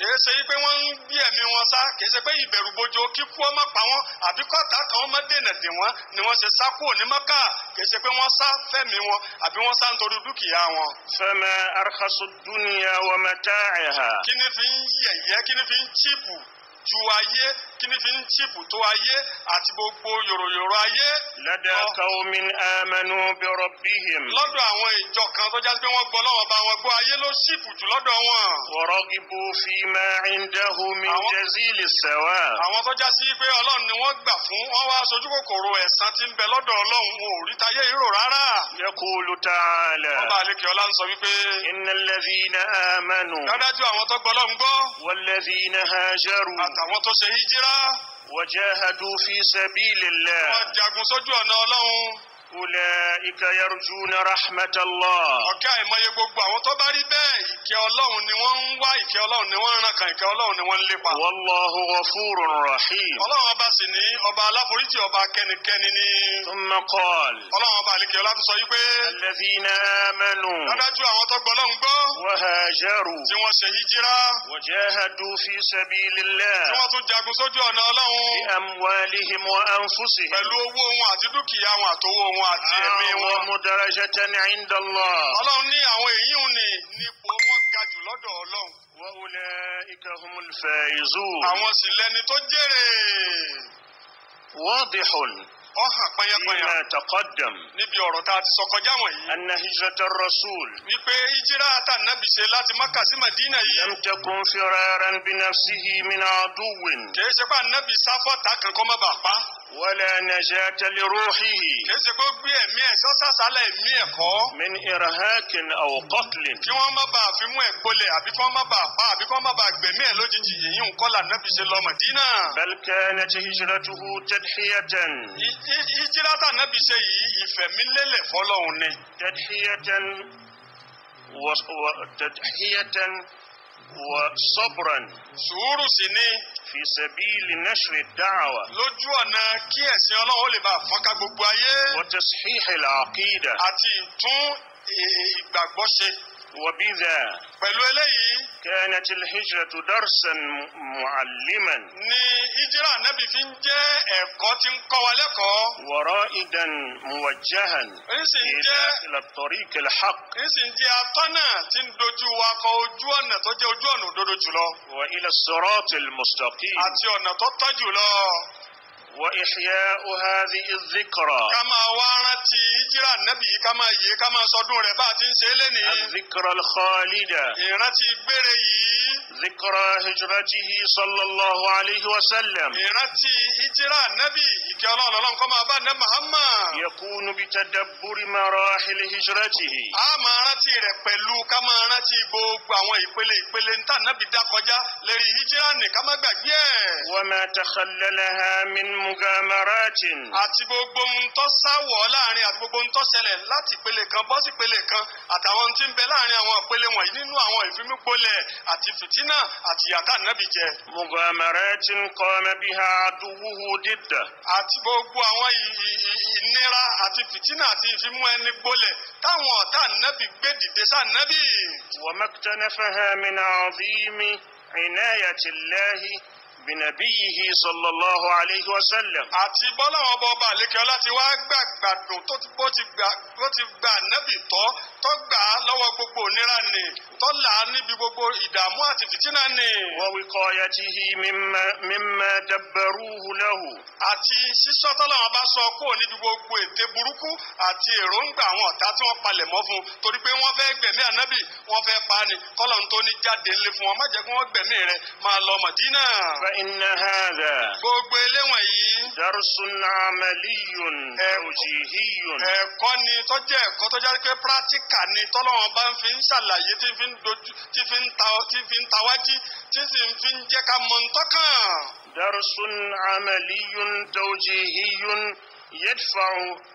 kìí ṣe pé wọ́n ń bí ẹ̀mí wọn sá kìí ṣe pé ìbẹ̀rù bojo kíkú ọmọ pa wọn àbí kọ́ta kan ọmọ dènà dè wọ́n ni wọ́n ṣe sá kúrò ní Mọ́kà kìí ṣe pé wọ́n sá fẹ́mi wọn àbí wọ́n sá nítorí dúkìá wọn. fama arkhasu dunya wa mata'iha. kí ni fi ń yẹ̀yẹ́ kí ni fi ń chíìpù ju ayé kíní fi ń chìpù tó ayé àti gbogbo yòròyòrò ayé. lada qawmin amanu bi rabbihim. lọ́dọ̀ àwọn ìjọ kan tó jásí pé wọ́n gbọ́ lọ́wọ́ bá wọn gbọ́ ayé ló chìpù jù lọ́dọ̀ wọn. wa ragibu fima indahu min jazili sawab. àwọn tó jásí pé ọlọ́run ni wọ́n gbà fún wọ́n wá sojú kòkòrò ẹ̀san tí ń bẹ lọ́dọ̀ ọlọ́run wọn ò rí tayé ìrò wajahadu fi sabilillah. wọ́n jagun sójú ọ̀nà ọlọ́run. أولئك يرجون رحمة الله. ọ̀kẹ́ àìmọye gbogbo àwọn tó bá rí bẹ́ẹ̀ ìkẹ́ ọlọ́run ni wọ́n ń wá ìkẹ́ ọlọ́run ni wọ́n ń ràn kàn ìkẹ́ ọlọ́run ni wọ́n ń lépa. والله غفور رحيم. ọlọ́run ọba sì ni ọba aláforíjì ọba kẹ́nikẹ́ni ni. ثم ọlọ́run ọba àlekè ọlá tó sọ yí pé. الذين آمنوا. dájú àwọn tó gbọ́ lọ́hùn gbọ́. وهاجروا. tí في سبيل الله. بأموالهم وأنفسهم wọn àti ẹ̀mí wọn. àwọn mudarajatan inda Allah. ọlọ́run ní àwọn èyí ń ní nípò wọn ga jù lọ́dọ̀ ọlọ́run. wa ulaika humul faizun. àwọn sì lẹni tó jèrè. wadihun. ọ̀hàn pẹ́yẹ́pẹ́yẹ́. ma taqaddam. níbi ọ̀rọ̀ tá a ti sọ kọjá wọ̀nyí. anna hijrata rasul. wípé ìjírá ta nàbì ṣe láti Mákà sí Màdínà yìí. lam takun firaran bi nafsihi min aduwin. kì í ṣe pé ànábì sáfọ́ ta kankan má bàa pa. ولا نجاة لروحه من إرهاق أو قتل بل كانت هجرته تدحية تدحية وتدحية wa sabran. sùúrù sì ni. fi sabili nashri da'wa. lójú ọ̀nà kí ẹ̀sìn ọlọ́run lè bá fọ́nká gbogbo ayé. wa tashihil aqida. àti ìtún ìgbàgbọ́ ṣe. وبذا فالولي كانت الهجرة درسا معلما ني هجرة نبي فنجة اقوتين قوالكو ورائدا موجها إلى الطريق الحق وإلى الصراط المستقيم وإحياء هذه الذكرى كما وارتي هجرة النبي كما يي كما صدور باتين سيلني الذكرى الخالدة إرتي بري ذكرى هجرته صلى الله عليه وسلم إرتي هجرة النبي كلا لهم كما بان محمد يكون بتدبر مراحل هجرته أما رتي ربلو كما رتي بوب أو يبلي يبلي انت النبي دا كجا لري هجرة كما بقى وما تخللها من mughamaratin. àti gbogbo ohun tó sáwọ̀ láàrin àti gbogbo ohun tó ṣẹlẹ̀ láti ìpele kan bọ́ sí ìpele kan àtàwọn ohun tí ń bẹ láàrin àwọn ìpele wọ̀nyí nínú àwọn ìfimúgbolẹ̀ àti fìtínà àti yàtà nàbì jẹ. mughamaratin qama biha aduwuhu didda. àti gbogbo àwọn ìnira àti fìtínà àti ìfimú ẹni gbolẹ̀ táwọn ọ̀tá nàbì gbé dìde sá nàbì. wa maktanafaha min azimi inayatillahi bìnàbíyìí sallallahu alayhi wa sallam. àti bọ́lá ọba ọba àlekẹ́ láti wá gbàgbàdùn tó ti gbà nẹ́bì tọ́ tó gbà á lọ́wọ́ gbogbo òníra ni tó là á níbi gbogbo ìdààmú àti fìtínà ni. wa wiqayatihi mimma dabbaruhu lahu. àti sísọ tọ́lọ́wọ́n bá sọ kó níbi gbogbo ète burúkú àti èròǹgbà àwọn ọ̀tá tí wọ́n palẹ̀ mọ́ fún torí pé wọ́n fẹ́ gbẹ̀mí ànábì wọ́n fẹ́ pa ni kọ́lọ́n tó ní jáde ńlẹ̀ fún wọn má jẹ́ kí wọ́n gbẹ̀mí rẹ̀ máa lọ Mádínà. فإن هذا gbogbo eléwọ̀n yìí. darsun amaliyun tawjihi. ẹ̀kọ́ ni tó jẹ́ ẹ̀kọ́ tó jẹ́ pé pírátíkà ni tọ́lọ́wọ́n bá ń fi ń ṣàlàyé tí fi ń dojú tí fi ń ta tí fi ń tawájí tí sì ń fi ń jẹ́ ká mọ̀ ń tọ́kàn. darsun amaliyun tawjihi. يدفع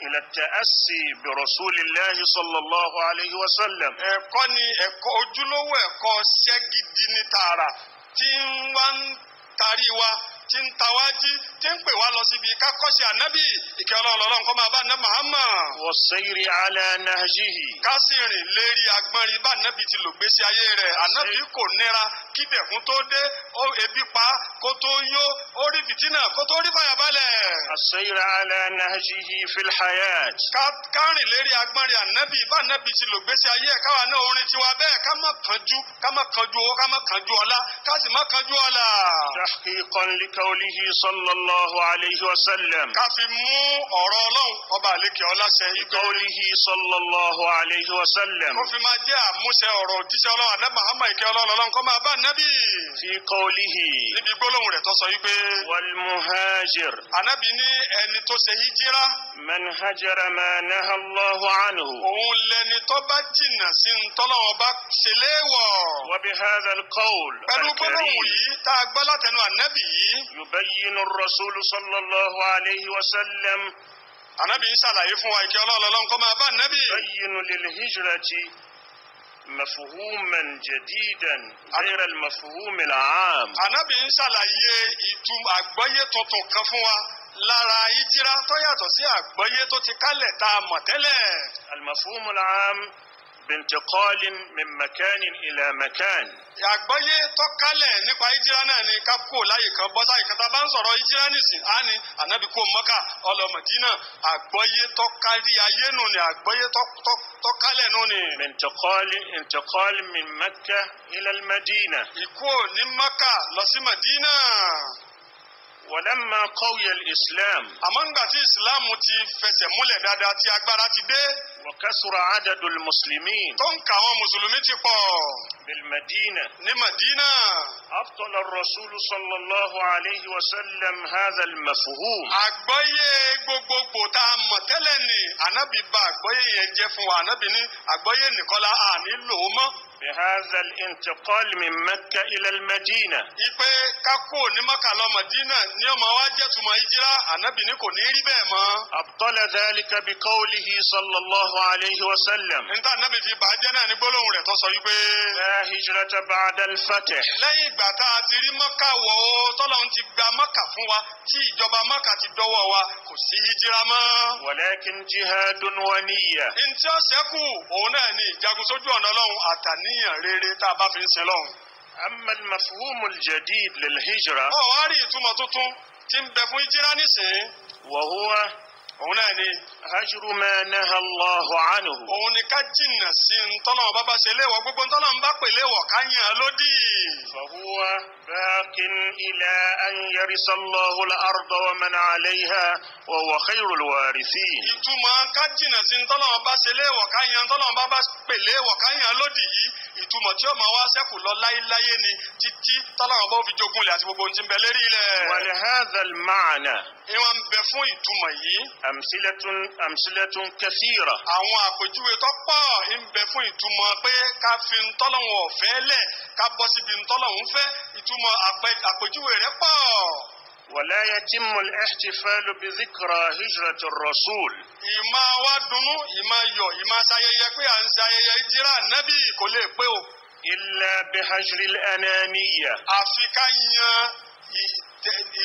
إلى التأسي برسول الله صلى الله عليه وسلم. ẹ̀kọ́ ni ẹ̀kọ́ ojúlówó ẹ̀kọ́ ṣẹ́gidi ní tààrà tí wọ́n ń tariwa tí ń ta wá jí tí ń pè wá lọ síbi kákọ́sí ànábì ìkẹ́ ọlọ́ọ̀lọ́ọ̀ kọ́ máa bá ànábì Muhammad. wọ́n sẹ́yìrì alẹ́ nàìjíríì. ká sì rìn lérí agbọ́nrin bá ànábì ti lò gbèsè ayé rẹ̀ ànábì kò nira kí dẹ̀kun tó dé ebi pa kó tó yó ó rí fìtínà kó tó rí fàyàbalẹ̀. àṣeyìrì alẹ́ nàìjíríì fil hayat. lérí agbọ́nrin ànábì bá ànábì ti lò gbèsè ayé ẹ̀ káwa náà قوله صلى الله عليه وسلم بقوله صلى الله عليه وسلم في قوله والمهاجر من هجر ما نهى الله عنه وبهذا القول الكريم يبين الرسول صلى الله عليه وسلم anabi ṣàlàyé fún wa ìkẹ́ ọlọ́ọ̀lọ́lọ́n kọ́ máa bá nabi. yubayyinu lil hijrati mafuhuman jadidan ghayra al mafuhum al aam. anabi ṣàlàyé ìtum àgbọ́yé tuntun kan fún wa lára ìjírá tó yàtọ̀ sí àgbọ́yé tó ti kálẹ̀ tá a mọ̀ tẹ́lẹ̀. al aam bìntẹ̀kọ́lìn mẹ́mẹ́kẹ́ni ilẹ̀ mẹ́kẹ́ni. àgbọ́yé tọ́kálẹ̀ nípa ìjírá náà ni ká kó láyè kan bọ́ sáyè kan tá a bá ń sọ̀rọ̀ ìjírá nìsín á ní ànábì kó mọ́kà ọlọ mọ̀dínà àgbọ́yé tọ́kárí ayé nù ni àgbọ́yé tọ́kálẹ̀ nù ni. bìntẹ̀kọ́lìn bìntẹ̀kọ́lìn mẹ́mẹ́kẹ́ ilẹ̀ mẹ́dínà. ìkó ní mọ́kà lọ sí mọ̀dínà wọ̀lẹ́mà kọ́wìyẹl islam. àmọ́ ńgbà tí islam ti fẹsẹ̀ múlẹ̀ dáadáa tí agbára ti dé. wọ̀kẹ́sùrọ̀ àdàdùl mùsùlùmí. tó ń kà àwọn mùsùlùmí ti pọ̀. bilmadina. ní madina. abtala rasulu sallallahu alayhi wa sallam hadhal mafuhum. àgbọ́yé gbogbogbò tá a mọ̀ tẹ́lẹ̀ ni ànábì bá àgbọ́yé yẹn jẹ́ fún wa ànábì ní àgbọ́yé nìkọ́lá à nílò mọ́. بهذا الانتقال من مكة إلى المدينة ipe kakó ní maka lọ madina ní ọmọ wa jẹ tuma hijira anabi ni kò ní rí bẹ́ẹ̀ mọ́. abtala dhalika bi qawlihi sallallahu alayhi wa sallam. níta anabi fi bàjẹ́ náà ní gbólóhùn rẹ̀ tó sọ yí pé. la hijrata ba'da al-fath. lẹ́yìn ìgbà tá a ti rí maka wọ̀ ọ́ tọ́lọ́run ti gba maka fún wa tí ìjọba maka ti dọ́wọ́ wa kò sí hijira mọ́. walakin jihadun wa niyya. ntí ọ̀sẹ̀ kù òun náà ni ìjagun sójú ọ̀nà ọlọ́run àtàn àníyàn rere tá a bá fi ń sin lọ́hùn. amma al-mafhum al-jadid lil-hijra. ọ̀ wá rí ìtumọ̀ tuntun tí ń bẹ fún ìjírá nísìnyí. wa huwa òun náà ni. hajru ma naha Allahu anhu. òun ni ká jìnnà sí ntọ́nà bàbá ṣe léwọ̀ gbogbo ntọ́nà ń bá pè léwọ̀ ká yàn án lódì. fahuwa baqin ila an yarisa Allahu al-arda wa man alayha wa huwa khayrul warithin. ìtumọ̀ ká jìnnà sí ntọ́nà bàbá ṣe léwọ̀ ká yàn ntọ́nà bàbá pè léwọ̀ ká yàn yìí ìtumọ̀ tí ó máa wá sẹ́kù lọ láéláyé ni ìwọ̀n ń bẹ fún ìtumọ̀ yìí. amsilatun amsilatun kathira. àwọn àpèjúwe tó pọ̀ ń bẹ fún ìtumọ̀ pé ká fi ntọ́lọ́hún ọ̀fẹ́ lẹ̀ ká bọ́ síbi ntọ́lọ́hún fẹ́ ìtumọ̀ àpèjúwe rẹ̀ pọ̀. ولا يتم الاحتفال بذكرى هجرة الرسول ìmá wa dùnnú ìmá yọ̀ ìmá ṣayẹyẹ pé à ń ṣayẹyẹ ìjírà nábì kò lè pé o. إلا بهجر الأنانية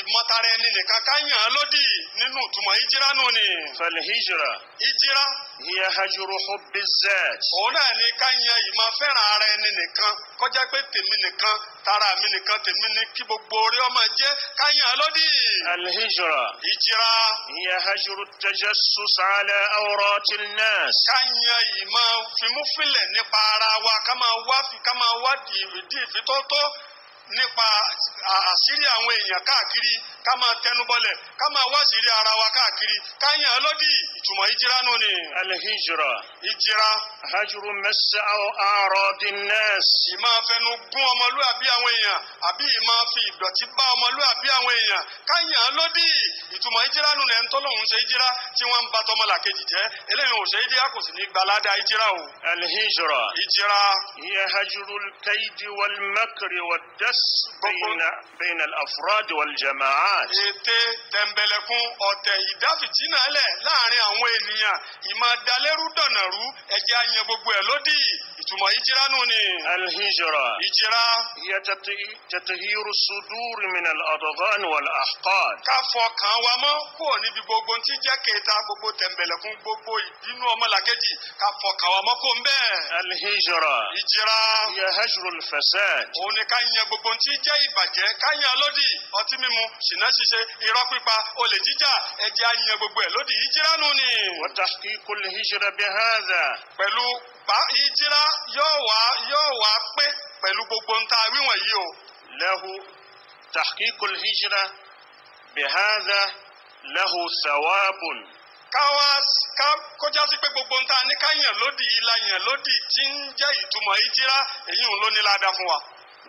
ìmọ̀tara ẹni nìkan ká yàn án lódì nínú ìtumọ̀ ìjírá nù ni. fẹlẹ hijira. ìjírá. hiya hajuru hubbi zat. òun náà ni ká yan ìmọ̀ fẹ́ràn ara ẹni nìkan kọjá pé tèmi nìkan tara mi nìkan tèmi ní kí gbogbo orí ọmọ jẹ́ ká yàn án lódì. alhijira. ìjírá. hiya hajuru tajassus ala awratil nas. ká yan ìmọ̀ fimúfilẹ̀ nípa ara wa ká máa wá fi ká máa wá dìídì tó tó nípa àṣírí àwọn èèyàn káàkiri ká máa tẹnubọlẹ̀ ká máa wáṣírí ara wa káàkiri ká yàn án lódì ìtumọ̀ ìjìrá nù ni. alihijira. ìjìrá. hajuru mẹsà àròdì nẹẹsì. ìmọ̀ fẹnu gún ọmọlúwàbí àwọn èèyàn àbí ìmọ̀ fi ìdọ̀tí bá ọmọlúwàbí àwọn èèyàn ká yàn án lódì ìtumọ̀ ìjìrá nù ni ẹni tọ́lọ́hún ṣe ìjìrá tí wọ́n ń ba tọmọlà kejì jẹ́ eléyìí ò bẹ́yìn al-afrad wal-jama'at. ète tẹ̀m̀bẹ̀lẹ̀kún ọ̀tẹ̀ ìdáfìjìnàlẹ̀ láàrin àwọn ènìyàn ìmọ̀ dalẹ́rú dọ̀nàrú ẹ̀jẹ̀ àyàn gbogbo ẹ̀ lódì ìtumọ̀ ìjìrá nù ni. al-hijra. ìjìrá. hiya tatahiru suduri min al-adghan wal-ahqad. ká fọkàn wa mọ́ kúrò níbi gbogbo tí jẹ́ kẹta gbogbo tẹ̀m̀bẹ̀lẹ̀kún gbogbo ìbínú ọmọlàkejì ká fọkàn wa mọ́ kó ń bẹ́ẹ̀. al-hijra. ìjìrá. hiya hajru al-fasad. òun ni ká yan gbogbo gbogbo tí jẹ́ ìbàjẹ́ káyàn lódì ọtí mímu ṣìnà ṣíṣe irọ́ pípa olè jíjà ẹ̀jẹ̀ àyàn gbogbo ẹ̀ lódì ìjíránù ni. wọ́n ta kí kò lè hijira bí hàzà. pẹ̀lú bá ìjírá yóò wá yóò wá pé pẹ̀lú gbogbo ń ta wíwọ̀n yìí o. lahu tahqiq al-hijra bi hadha lahu thawabun káwá ká kọjá sí pé gbogbo ń ta ní káyàn lódì ìlàyàn lódì tí ń jẹ́ ìtumọ̀ ìjírá èyí ń lóníláda fún wa.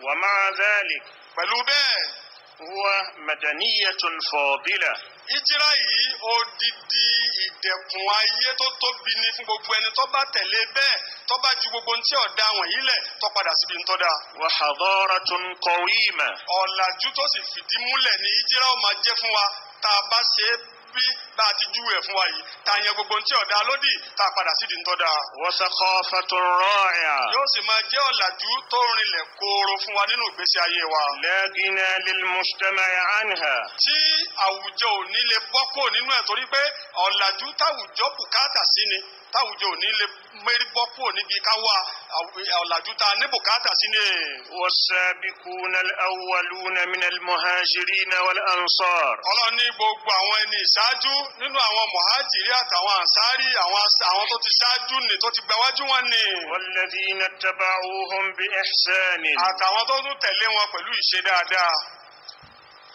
ومع ذلك dhalik. pẹ̀lú bẹ́ẹ̀. huwa madaniyatun fadila. ìjírá yìí odidi ìdẹ̀kùn ayé tó tóbi ni fún gbogbo ẹni tó bá tẹ̀lé bẹ́ẹ̀ tó bá ju gbogbo ní tí ọ̀dà wọ̀nyí lẹ̀ tó padà síbi ń tọ́da. wa hadaratun qawima. ọ̀làjú tó sì fìdí múlẹ̀ ní ìjírá ó máa jẹ́ fún wa tá a bá ṣe é bí bá a ti jú ẹ̀ fún wa yìí ta yẹn gbogbo ntí ọ̀dà lódì ta padà sí di ntọ́ da. wọ́sẹ̀kọ́ fẹ́tọ̀rọ̀ ẹ̀yà. yóò sì máa jẹ́ ọ̀làjú tó rinlẹ̀ kooro fún wa nínú ìgbésí ayé wa. lẹ́gìnà lílmùsítẹ́mẹ̀ ànihà. tí àwùjọ ò ní lè bọ́ kó nínú ẹ̀ torí pé ọ̀làjú táwùjọ bùkátà sí ni táwùjọ ò ní lè b mérí bọ́ kúrò níbi káwa ọ̀làjú ta ní bùkátà sí ni. was-sabiquna al-awwaluna min al-muhajirina wal-ansar. ọlọ́run ní gbogbo àwọn ẹni ìṣáájú nínú àwọn mọ̀hájìrí àtàwọn ànsárì àwọn tó ti ṣáájú ni tó ti gbáwájú wọn ni. walladhina taba'uhum bi ihsanin. àtàwọn tó tún tẹ̀lé wọn pẹ̀lú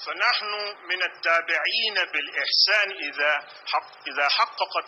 فنحن من التابعين بالإحسان إذا حق إذا حققت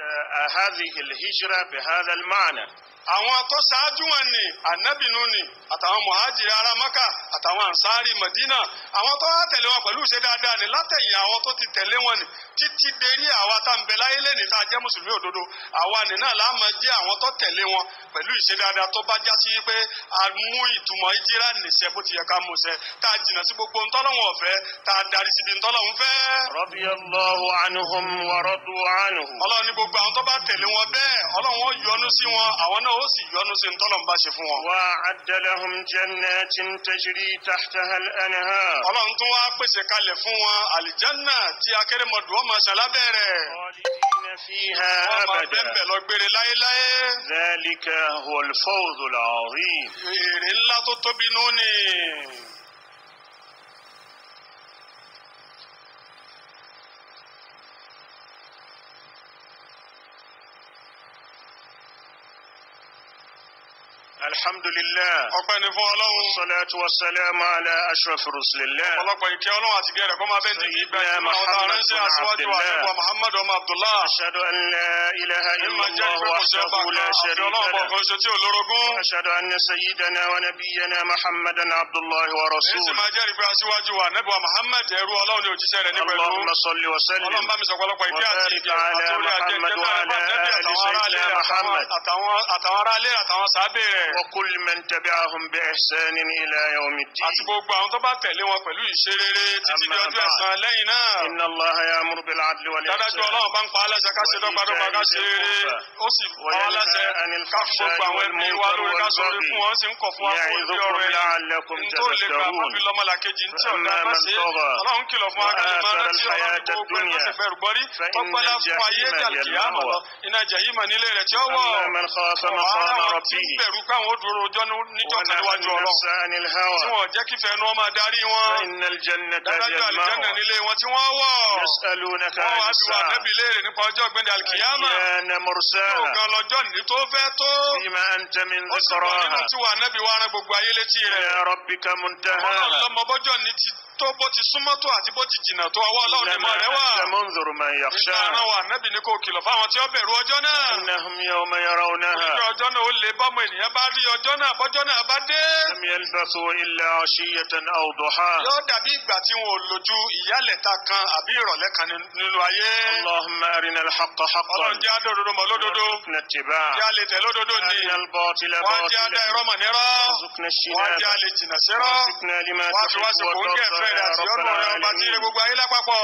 آه، آه، هذه الهجرة بهذا المعنى àwọn tó ṣáájú wọn ni ànábìnú ni àtàwọn mọ̀hájìrì ará mọ́kà àtàwọn ànsárì mọ̀dínà àwọn tó wá tẹ̀lé wọn pẹ̀lú ìṣe dáadáa ni látẹ̀yìn àwọn tó ti tẹ̀lé wọn ni títí dérí àwa tá ń bẹ láyé lẹ́ni tá a jẹ́ mùsùlùmí òdodo àwa nì náà la máa jẹ́ àwọn tó tẹ̀lé wọn pẹ̀lú ìṣe dáadáa tó bá já sí pé a mú ìtumọ̀ ìjírá nìṣẹ́ bó ti yẹ ká mú ṣẹ tá a jìnnà sí gbogbo ntọ́lọ́wọ̀n ọ̀fẹ́ tá a darí síbi ntọ́lọ́wọ̀n fẹ́. radiyallahu anhum wa radu anhu. ọlọ́run ní gbogbo àwọn tó bá tẹ̀lé wọn bẹ́ẹ̀ ọlọ́run وعد لهم جنات تجري تحتها الأنهار فيها أبدا ذلك هو الفوز العظيم alhamdulillah. ọpẹ́ ni fún ọlọ́run. wasalaatu wasalaamu ala ashraf rasulillah. ọ̀pọ̀lọpọ̀ ìkẹ́ ọlọ́run àti gẹ̀rẹ́ kọ́ máa fẹ́ ní ìgbà ìgbà ọ̀tá ránṣẹ́ aṣáájú àdébọ̀ muhammadu ọmọ abdullah. ashadu an la ilaha illallah wahdahu la sharika lah. àtàwọn ará ilé àtàwọn sábẹ́ rẹ̀. كل من تبعهم بإحسان إلى يوم الدين أما بعد إن الله يأمر بالعدل والإحسان وينهى عن الفحشاء والمنكر والبغي يعظكم لعلكم تذكرون فأما من طغى وآثر الحياة الدنيا فإن الجحيم هي المأوى أما من خاف مقام ربه dúró níjọ́ kan níwájú ọlọ́run tí wọ́n jẹ́ kí fẹ́ẹ́ nu ọmọ adarí wọn dájú àlìjánà nílé wọn tí wọ́n wọ̀ wọ́n wá bí wà nẹ́bí léèrè nípa ọjọ́ gbẹ̀dẹ̀ alikiyama tó gan lọ́jọ́ ní tó fẹ́ tó ó sì wà nínú tí wà nẹ́bí wà rán gbogbo ayé létí rẹ̀ ọlọ́run lọ́mọ ní ti tó bó ti súnmọ́ tó àti bó ti jìnnà tó ọwọ́ ọlọ́run ìmọ̀ rẹ̀ wà. ṣẹ̀mọ́ ń zòrò máa ń yàkṣá. nígbà ara wa nẹ́bì ní kò kìlọ̀ fáwọn tí ó bẹ̀rù ọjọ́ náà. innahum yawma yarawnaha. nígbà ọjọ́ náà ó lè bọ́mọ ènìyàn bá rí ọjọ́ náà bọ́jọ́ náà bá dé. lam yalbasu illa ashiyatan aw duha. yóò dàbí ìgbà tí wọn ò lójú ìyálẹ̀ta kan àbí ìrọ̀lẹ́ kan nínú ayé. ọlọ́run jẹ́ rẹ̀ àti ọ̀nà rẹ̀ ọba tí gbogbo ayé lápapọ̀.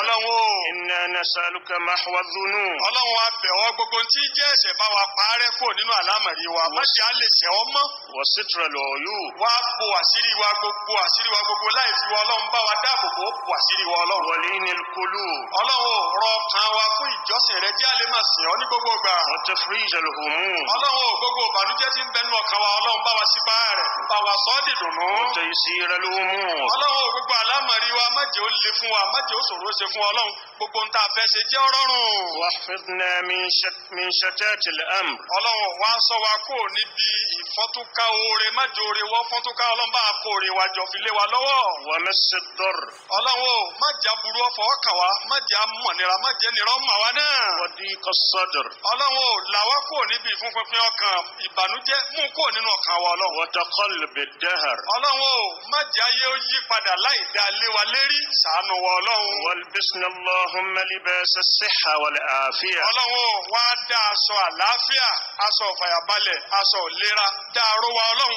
ọlọ́run o. iná nasaluka mahwa dunu. ọlọ́run abẹ̀wọ́ gbogbo tí jẹ́ ẹ̀ṣẹ̀ bá wa parẹ́ kò nínú àlámọ̀rí wa má ṣe á lè ṣẹ̀ ọ́ mọ́. wọ́n sì tura lọ yóò. wá bo àṣírí wa gbogbo àṣírí wa gbogbo láì fi wa ọlọ́run bá wa dáàbò bò bo àṣírí wa ọlọ́run. wọlé ní kolú. ọlọ́run ò rọ kan wa fún ìjọsìn rẹ jẹ́ àlè máa sìn ọ́ ní gbogbo gbà. wọ́n ti fún ìjẹ̀lẹ̀ òmù. ọlọ́run ò gbogbo ìbànújẹ́ ti ń bẹnu ọkàn wa ọlọ́run bá wa sípa rẹ̀ bá wa sọ́ ọ́ ọlọ́run gbogbo àlámọ̀rí wa má jẹ́ ó le fún wa má jẹ́ ó ṣòro ṣe fún ọlọ́run gbogbo ń ta fẹ́ ṣe jẹ́ rọrùn. wàhíná min ṣẹtẹ́ẹ̀tì lẹ́m. ọlọ́run wa sọ wa kó níbi ìfọ́túnká oore má oore wọ́n fọ́túnká ọlọ́run bá kó oore wa jọ fi lé wa lọ́wọ́. wọ́n mẹ́ ṣe dọ́rọ̀. ọlọ́run o má aburú ọ̀fọ̀ ọkàn wa má amọ̀nira má jẹ́ nira wa náà. wọ́n dín kọ́ padà láì dá lé wa lérí ṣàánú wa ọlọ́run. wal bisna Allahumma libasa siha wal afiya. ọlọ́run ò wá dá aṣọ àlàáfíà aṣọ ìfàyàbalẹ̀ aṣọ ìlera dá aró wa ọlọ́run.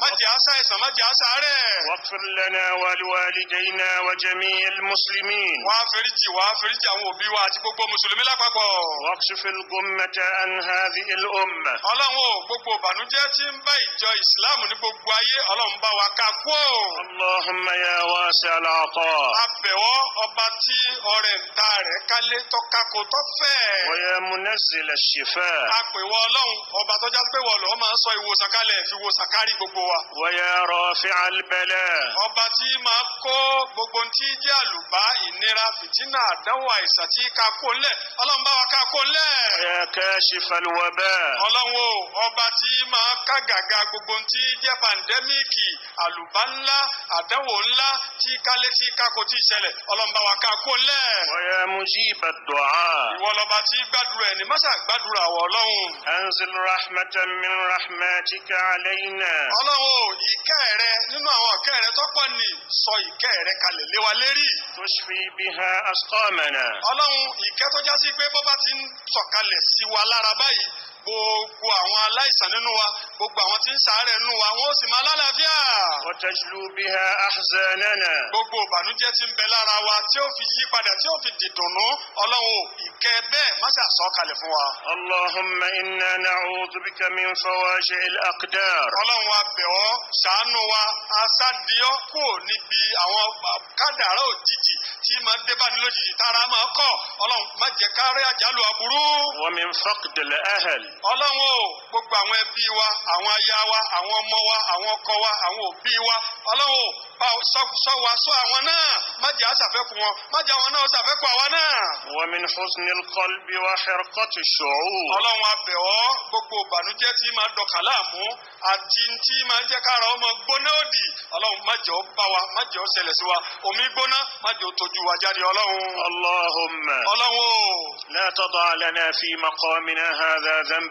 مجي عسى إسا مجي عسى عري واغفر لنا ولوالدينا وجميع المسلمين وافرجي وافرجي أمو بي واتي بقبو مسلمي لك واكشف الغمة عن هذه الأمة ọlọ́run ò gbogbo ìbànújẹ́ tí ń bá ìjọ ìsìláàmù ní gbogbo ayé ọlọ́run bá wa ká kú o. Allahumma ya wasi'al 'ata. abẹ̀wọ́ ọba tí ọrẹ ńta rẹ̀ kálé tọ́kako tọ́fẹ́. wa ya munazzil ash-shifa. apèwọ́ ọlọ́run ọba tó jásí pé wọ́ọ̀lọ́ máa ń sọ ìwòsàn kalẹ̀ fi wòsàn kárí gbogbo wa. wọ́yẹ rọ̀fẹ́ alibẹ́lẹ̀. ọba tí máa kó gbogbo tí jẹ́ àlùbá ìnira fìtínà àdánwò àìsàn tí ká kó lẹ̀ ọlọ́run bá wa ká kó lẹ̀. wọ́yẹ kẹ́sì fẹlúwẹ́ bẹ́ẹ̀. ọlọ́run o ọba tí máa ká gàga gbogbo tí jẹ́ pàndẹ́míìkì àlùbá ńlá àdánwò ńlá tí kálé tí kákó tí ṣẹlẹ̀ ọlọ́run bá wa ká kó lẹ̀. wọ́yẹ mujiba du'a. ìwọ lọba tí gbàdúrà ẹni mọ́ṣà gbàdúrà wọ ọlọ́run. anzil min rahmatika alayna. ọlọ́ ọlọ́run ò ìkẹ́ rẹ nínú àwọn ìkẹ́ rẹ tọ́pọ̀ ni sọ ìkẹ́ rẹ kalẹ̀ lé wa lérí. tó ṣe bí ha asọ́mẹ̀nà. ọlọ́run ìkẹ́ tó jásí pé bó bá ti ń sọ̀kalẹ̀ sí wa lára báyìí gbogbo àwọn aláìsàn nínú wa gbogbo àwọn tí ń ṣàárẹ̀ nínú wa wọn ó sì máa lálàáfíà. wa tajlu biha ahzanana. gbogbo ìbànújẹ́ tí ń bẹ lára wa tí ó fi yí padà tí ó fi dìdùnnú ọlọ́run ìkẹ́ bẹ́ẹ̀ má ṣe àsọkalẹ̀ fún wa. allahumma inna na'udhu bika min fawashi al-aqdar. ọlọ́run wa bẹ̀ ọ́ ṣàánú wa aṣáàdìọ́ kò níbi àwọn kádàrá òjijì tí máa dé bá ní lójijì tára máa kọ́ ọlọ́run má jẹ́ kárí àjálù aburú. wa min faqdil ahl ọlọ́run o gbogbo àwọn ẹbí wa àwọn aya wa àwọn ọmọ wa àwọn ọkọ wa àwọn òbí wa ọlọ́run o bá sọ wa sọ àwọn náà má jẹ́ àṣàfẹ́kù wọn má jẹ́ àwọn náà ṣàfẹ́kù àwa náà. wa min husnil qalbi wa hirqati shu'ur. ọlọ́run abẹ̀ ọ́ gbogbo ìbànújẹ́ tí máa dọ̀kà láàmú àti tí máa jẹ́ kára ọmọ gbóná òdì ọlọ́run má jẹ́ ó bá wa má jẹ́ ó ṣẹlẹ̀ sí wa omi gbóná má jẹ́ ó tójú wa jáde ọlọ́run. ọlọ́run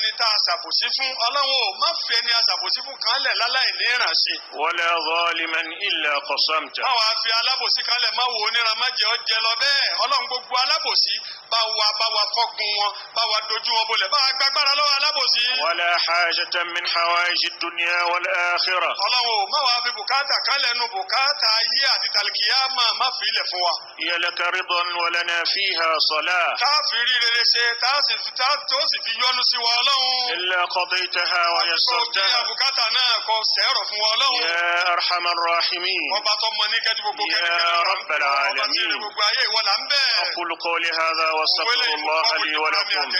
ẹni tá a ṣàbòsí fún ọlọ́run ò má fi ẹni aṣàbòsí fún kan lẹ̀ láláì ní ìrànṣẹ́. wala zaliman illa qasamta. báwa fi alábòsí kan lẹ̀ má wo oníran má jẹ́ ọjẹ́ lọ bẹ́ẹ̀ ọlọ́run gbogbo alábòsí báwa báwa fọ́gun wọn báwa dojú wọn bolẹ̀ báwa gbàgbára lọ́wọ́ alábòsí. wala hajatan min hawaiji dunya wal akhirah. ọlọ́run ò má wàá fi bùkátà kan إلا قضيتها ويسرتها يا أرحم الراحمين يا رب العالمين أقول قولي هذا واستغفر الله لي ولكم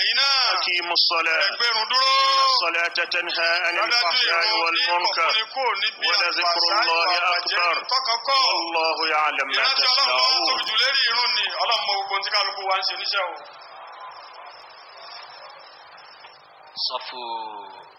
أقيم الصلاة الصلاة تنهى عن الفحشاء والمنكر ولذكر الله أكبر والله يعلم ما تصنعون صفو